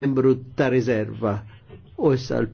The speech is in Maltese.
membru ta' riserva u issa l